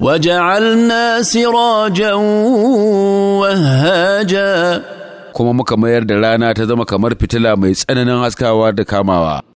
وجعلنا سراجا وهاجا kuma muka mayar da rana ta zama kamar fitila mai tsananin haskawa da kamawa